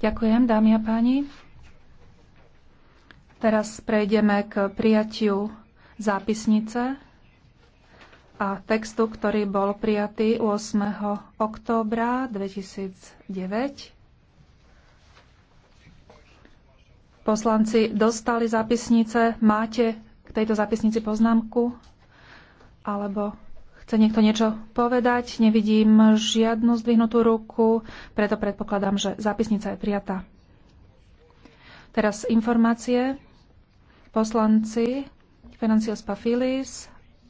Ďakujem, dámy a páni. Teraz prejdeme k prijatiu zápisnice a textu, ktorý bol prijatý 8. októbra 2009. Poslanci dostali zápisnice. Máte k tejto zápisnici poznámku? Alebo Chce niekto niečo povedať? Nevidím žiadnu zdvihnutú ruku, preto predpokladám, že zápisnica je prijatá. Teraz informácie. Poslanci Financios Pafilis